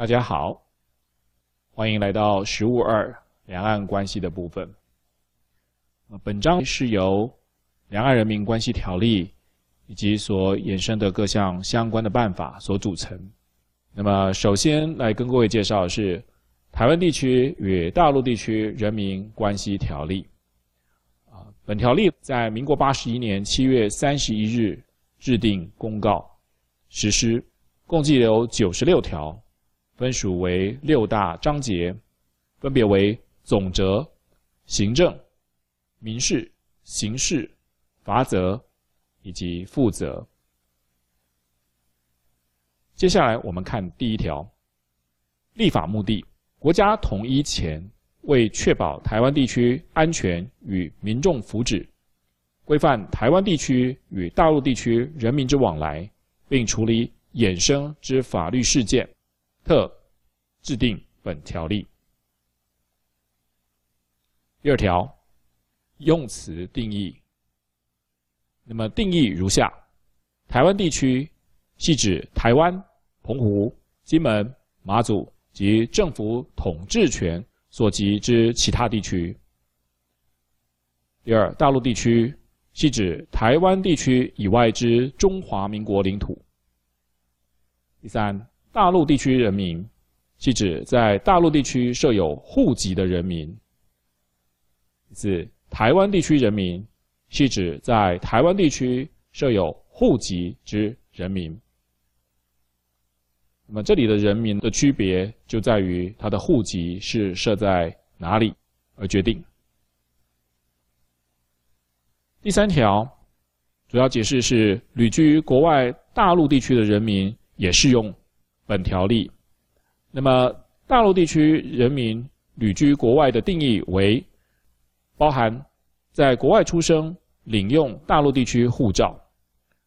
大家好，歡迎來到實務二兩岸關係的部分。本章是由《兩岸人民關係條例》以及所衍生的各項相關的辦法所組成。那麼，首先來跟各位介紹的是《台灣地區與大陸地區人民關係條例》啊。本條例在民國八十一年七月三十一日制定公告實施，共計有九十六條。分屬為六大章節，分別為總則、行政、民事、刑事、罰則以及附則。接下來，我們看第一條立法目的：國家統一前，為確保臺灣地區安全與民眾福祉，規範臺灣地區與大陸地區人民之往來，並處理衍生之法律事件，特制定本條例。第二條，用詞定義。那麼定義如下：台灣地區係指台灣、澎湖、金門、馬祖及政府統治權所及之其他地區。第二，大陸地區係指台灣地區以外之中華民國領土。第三、大陸地區人民，是指在大陸地區設有戶籍的人民。四、台灣地區人民，是指在台灣地區設有戶籍之人民。那麼這裡的人民的區別，就在於他的戶籍是設在哪裡而決定。第三條主要解釋是，旅居於國外大陸地區的人民也適用本條例，那麼大陸地區人民旅居國外的定義為，包含在國外出生、領用大陸地區護照，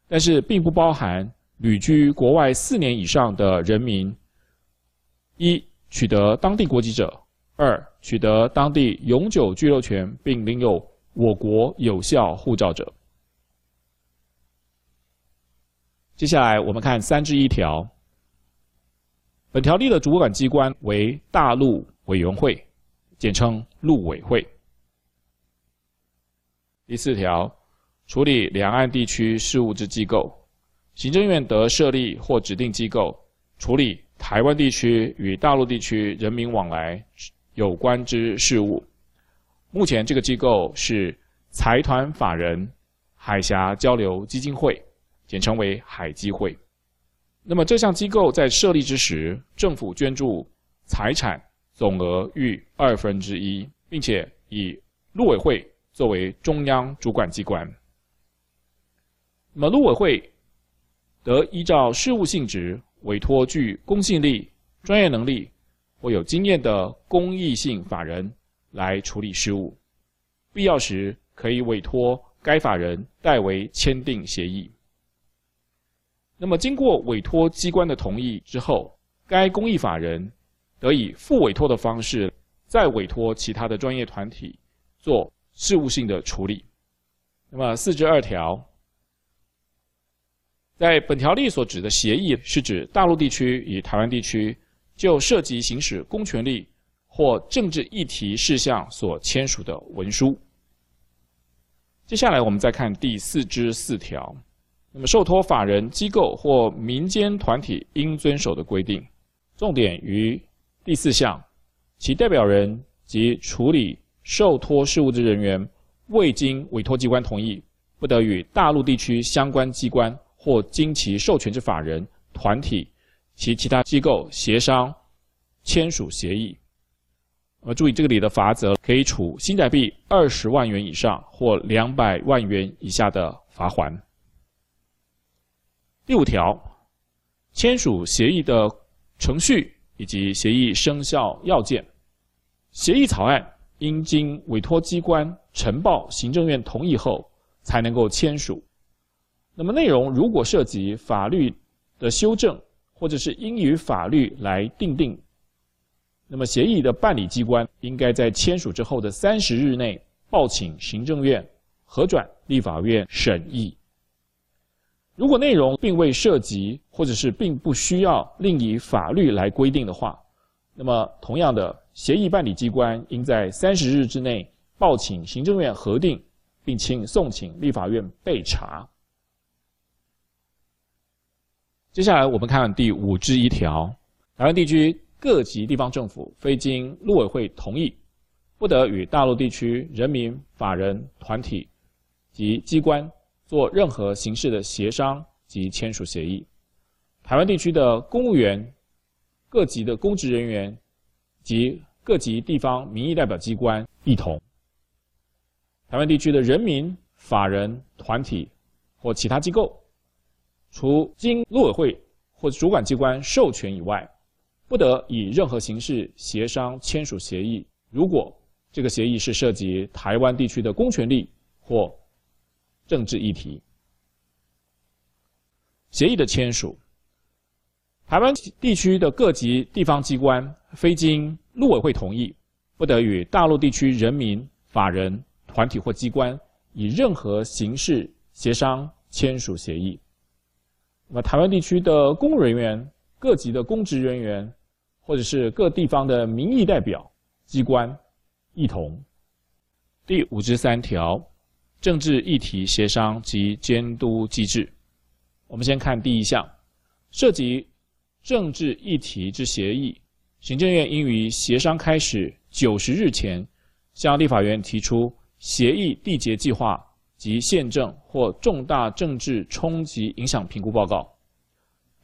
但是並不包含旅居國外四年以上的人民。一、取得當地國籍者；二、取得當地永久居留權並領有我國有效護照者。接下來我們看三十一條。本條例的主管機關為大陸委員會，簡稱陸委會。第四條，處理兩岸地區事務之機構，行政院得設立或指定機構，處理台灣地區與大陸地區人民往來有關之事務。目前這個機構是財團法人海峽交流基金會，簡稱為海基會。那麼，這項機構在設立之時，政府捐助財產總額逾二分之一，2, 並且以陸委會作為中央主管機關。那麼，陸委會得依照事務性質，委託具公信力、專業能力或有經驗的公益性法人來處理事務，必要時可以委託該法人代為簽訂協議。那麼，經過委托機關的同意之後，該公益法人得以複委託的方式，再委托其他的專業團體做事務性的處理。那麼，四之二條，在本條例所指的協議，是指大陸地區與台灣地區就涉及行使公權力或政治議題事項所簽署的文書。接下來，我們再看第四之四條。那麼，受託法人、機構或民間團體應遵守的規定，重點於第四項：其代表人及處理受託事務之人員，未經委託機關同意，不得與大陸地區相關機關或經其授權之法人、團體及其，其他機構協商、簽署協議。呃，注意這個裡的罰則，可以處新台幣二十萬元以上或兩百萬元以下的罰鍰。第五條，簽署協議的程序以及協議生效要件，協議草案應經委託機關呈報行政院同意後，才能夠簽署。那麼內容如果涉及法律的修正，或者是應以法律來訂定，定，那麼協議的辦理機關應該在簽署之後的三十日內報請行政院核轉立法院審議。如果內容並未涉及，或者是並不需要另以法律來規定的話，那麼同樣的，協議辦理機關應在三十日之內報請行政院核定，並請送請立法院備查。接下來我們看第五之一條，台灣地區各級地方政府非經陸委會同意，不得與大陸地區人民、法人、團體及機關。做任何形式的協商及簽署協議，台灣地區的公務員、各級的公職人員及各級地方民意代表機關一同。台灣地區的人民、法人、團體或其他機構，除經陸委會或主管機關授權以外，不得以任何形式協商簽署協議。如果這個協議是涉及台灣地區的公權力或。政治議題。協議的簽署，台灣地區的各級地方機關，非經陸委會同意，不得與大陸地區人民、法人、團體或機關以任何形式協商簽署協議。那麼，臺灣地區的公務人員、各級的公職人員，或者是各地方的民意代表、機關，亦同。第五之三條。政治議題協商及監督機制。我們先看第一項，涉及政治議題之協議，行政院應於協商開始九十日前，向立法院提出協議締結計劃及憲政或重大政治衝擊影響評估報告。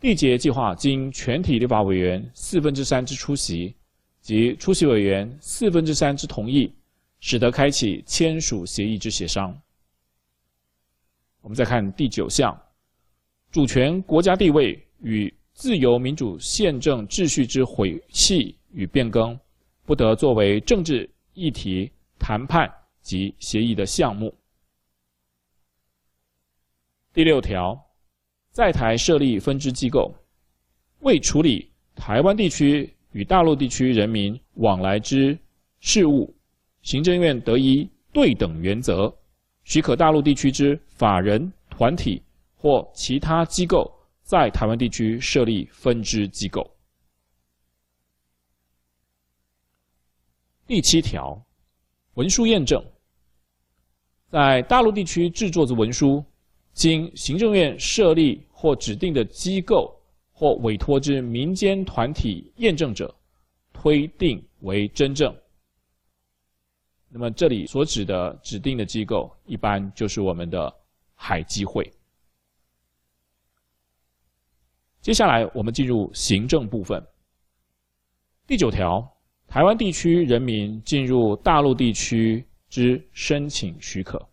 締結計劃經全體立法委員四分之三之出席及出席委員四分之三之同意，使得開啟簽署協議之協商。我們再看第九項，主權國家地位與自由民主憲政秩序之毀棄與變更，不得作為政治議題談判及協議的項目。第六條，在台設立分支機構，為處理台灣地區與大陸地區人民往來之事務，行政院得依對等原則。許可大陸地區之法人、團體或其他機構在台灣地區設立分支機構。第七條，文書驗證。在大陸地區製作之文書，經行政院設立或指定的機構或委託之民間團體驗證者，推定為真正。那麼這裡所指的指定的機構，一般就是我們的海基會。接下來我們進入行政部分。第九條，台灣地區人民進入大陸地區之申請許可，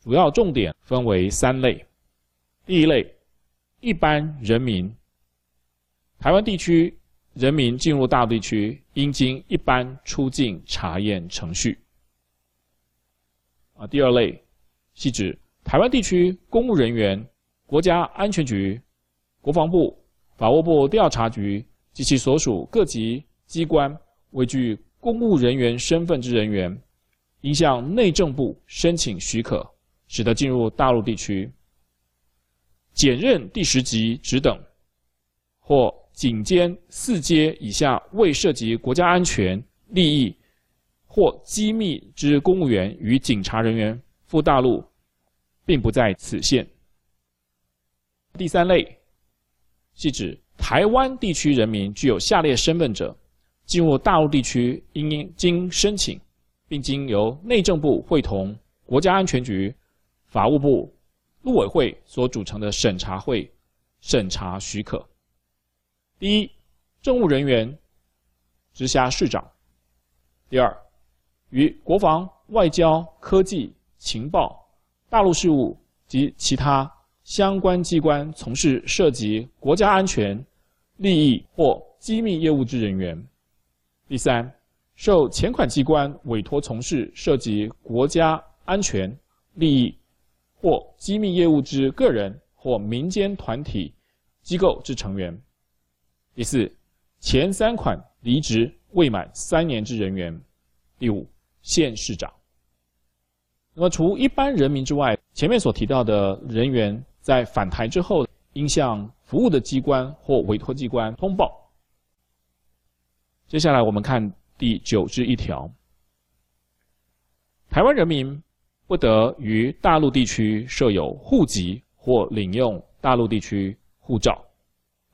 主要重點分為三類。第一類，一般人民，台灣地區。人民進入大陸地區，應經一般出境查驗程序。啊，第二類，係指臺灣地區公務人員、國家安全局、國防部、法務部調查局及其所屬各級機關，未具公務人員身份之人員，應向內政部申請許可，使得進入大陸地區。簡任第十級職等，或。警監四階以下未涉及國家安全利益或機密之公務員與警察人員赴大陸，並不在此限。第三類，是指台灣地區人民具有下列身份者，進入大陸地區應經申請，並經由內政部會同國家安全局、法務部、陸委會所組成的審查會審查許可。第一，政務人員，直轄市長；第二，與國防、外交、科技、情報、大陸事務及其他相關機關從事涉及國家安全、利益或機密業務之人員；第三，受前款機關委託從事涉及國家安全、利益或機密業務之個人或民間團體、機構之成員。第四，前三款離職未滿三年之人員，第五，縣市長。那麼除一般人民之外，前面所提到的人員在返台之後，應向服務的機關或委託機關通報。接下來我們看第九之一條。臺灣人民不得於大陸地區設有戶籍或領用大陸地區護照。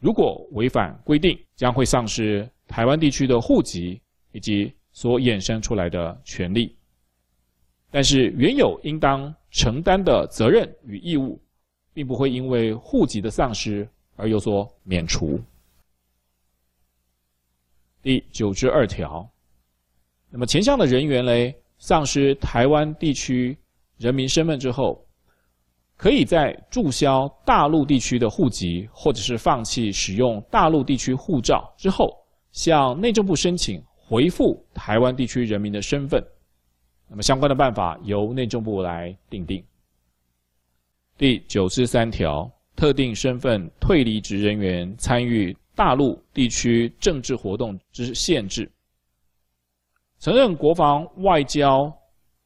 如果違反規定，將會喪失台灣地區的戶籍以及所衍生出來的權利，但是原有應當承擔的責任與義務，並不會因為戶籍的喪失而有所免除。第九之二條，那麼前項的人員嘞，喪失台灣地區人民身份之後。可以在註銷大陸地區的戶籍，或者是放棄使用大陸地區護照之後，向內政部申請回復台灣地區人民的身份。那麼相關的辦法由內政部來訂定。第九之三條，特定身份退離職人員參與大陸地區政治活動之限制，曾任國防、外交、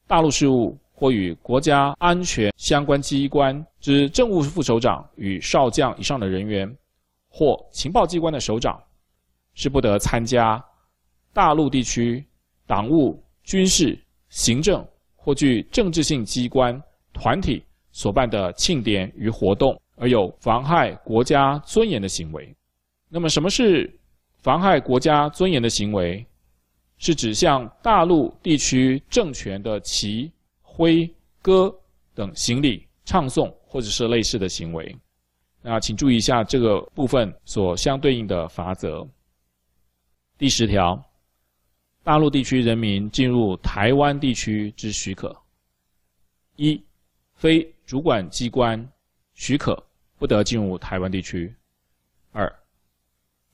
大陸事務、或與國家安全相關機關之政務副首長與少將以上的人員，或情報機關的首長，是不得參加大陸地區黨務、軍事、行政或具政治性機關團體所辦的慶典與活動，而有妨害國家尊嚴的行為。那麼，什麼是妨害國家尊嚴的行為？是指向大陸地區政權的旗。揮歌等行禮、唱誦或者是類似的行為，那請注意一下這個部分所相對應的法則。第十條，大陸地區人民進入台灣地區之許可：一、非主管機關許可，不得進入台灣地區；二、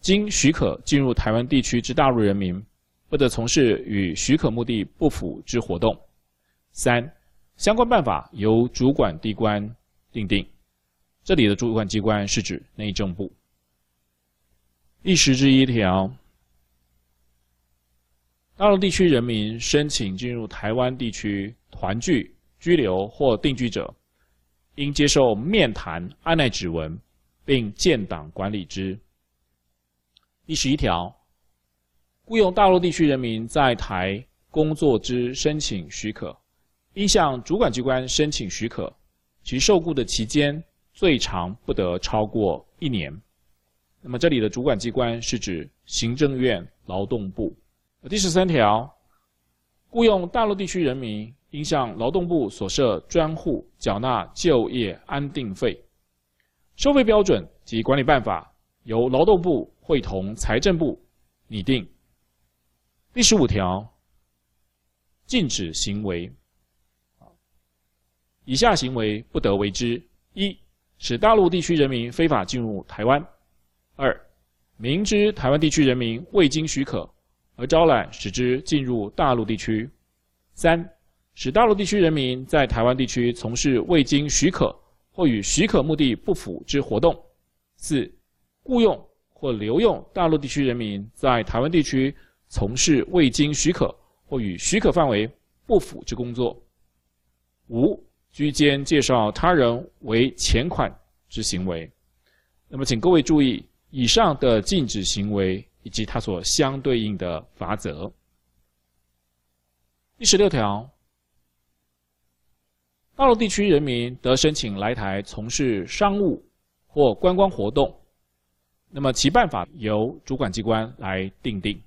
經許可進入台灣地區之大陸人民，不得從事與許可目的不符之活動。三，相關辦法由主管機關訂定,定。這裡的主管機關是指內政部。第十條之一，大陸地區人民申請進入台灣地區團聚、居留或定居者，應接受面談、按捺指紋，並建檔管理之。第十一條，雇用大陸地區人民在台工作之申請許可。應向主管機關申請許可，其受僱的期間最長不得超過一年。那麼，這裡的主管機關是指行政院勞動部。第十三條，僱用大陸地區人民應向勞動部所設專戶繳納就業安定費，收費標準及管理辦法由勞動部會同財政部擬定。第十五條，禁止行為。以下行為不得為之：一、使大陸地區人民非法進入台灣；二、明知台灣地區人民未經許可而招攬使之進入大陸地區；三、使大陸地區人民在台灣地區從事未經許可或與許可目的不符之活動；四、僱用或留用大陸地區人民在台灣地區從事未經許可或與許可範圍不符之工作；五、居間介紹他人為前款之行為，那麼請各位注意以上的禁止行為以及它所相對應的罰則。第十六條，大陸地區人民得申請來台從事商務或觀光活動，那麼其辦法由主管機關來訂定。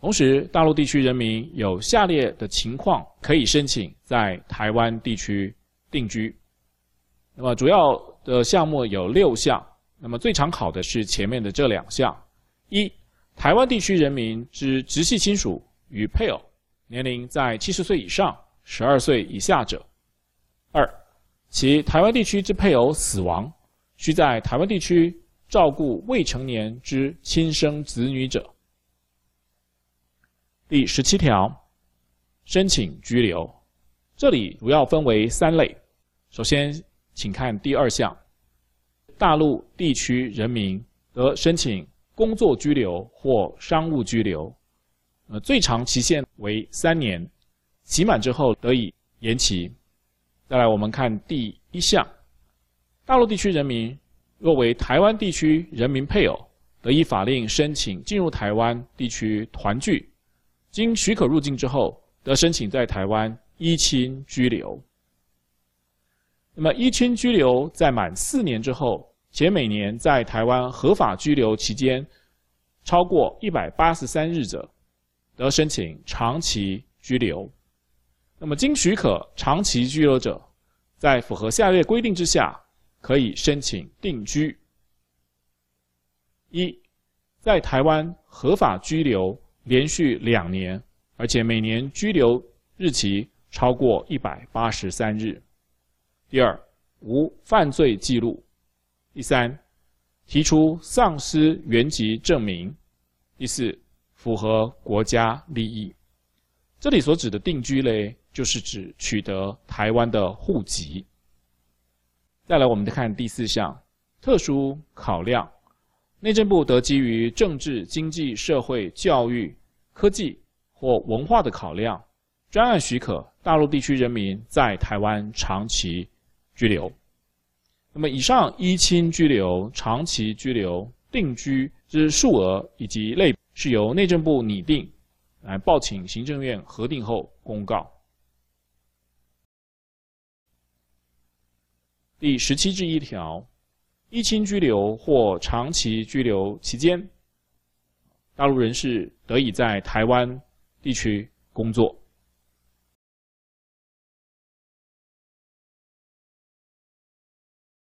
同時，大陸地區人民有下列的情況可以申請在台灣地區定居。那麼主要的項目有六項，那麼最常考的是前面的這兩項：一、台灣地區人民之直系親屬與配偶，年齡在七十歲以上、十二歲以下者；二、其台灣地區之配偶死亡，需在台灣地區照顧未成年之親生子女者。第十七條，申請居留，這裡主要分為三類。首先，請看第二項：大陸地區人民得申請工作居留或商務居留，呃，最長期限為三年，期滿之後得以延期。再來，我們看第一項：大陸地區人民若為台灣地區人民配偶，得以法令申請進入台灣地區團聚。經許可入境之後，得申請在台灣依親居留。那麼依親居留在滿四年之後，且每年在台灣合法居留期間超過一百八十三日者，得申請長期居留。那麼經許可長期居留者，在符合下列規定之下，可以申請定居。一，在台灣合法居留。連續兩年，而且每年居留日期超過一百八十三日。第二，無犯罪記錄。第三，提出喪失原籍證明。第四，符合國家利益。這裡所指的定居呢，就是指取得台灣的戶籍。再來，我們再看第四項，特殊考量。內政部得基於政治、經濟、社會、教育、科技或文化的考量，專案許可大陸地區人民在台灣長期居留。那麼，以上依親居留、長期居留、定居之數額以及類別，是由內政部擬定，來報請行政院核定後公告。第十七至一條。依親居留或長期居留期間，大陸人士得以在台灣地區工作。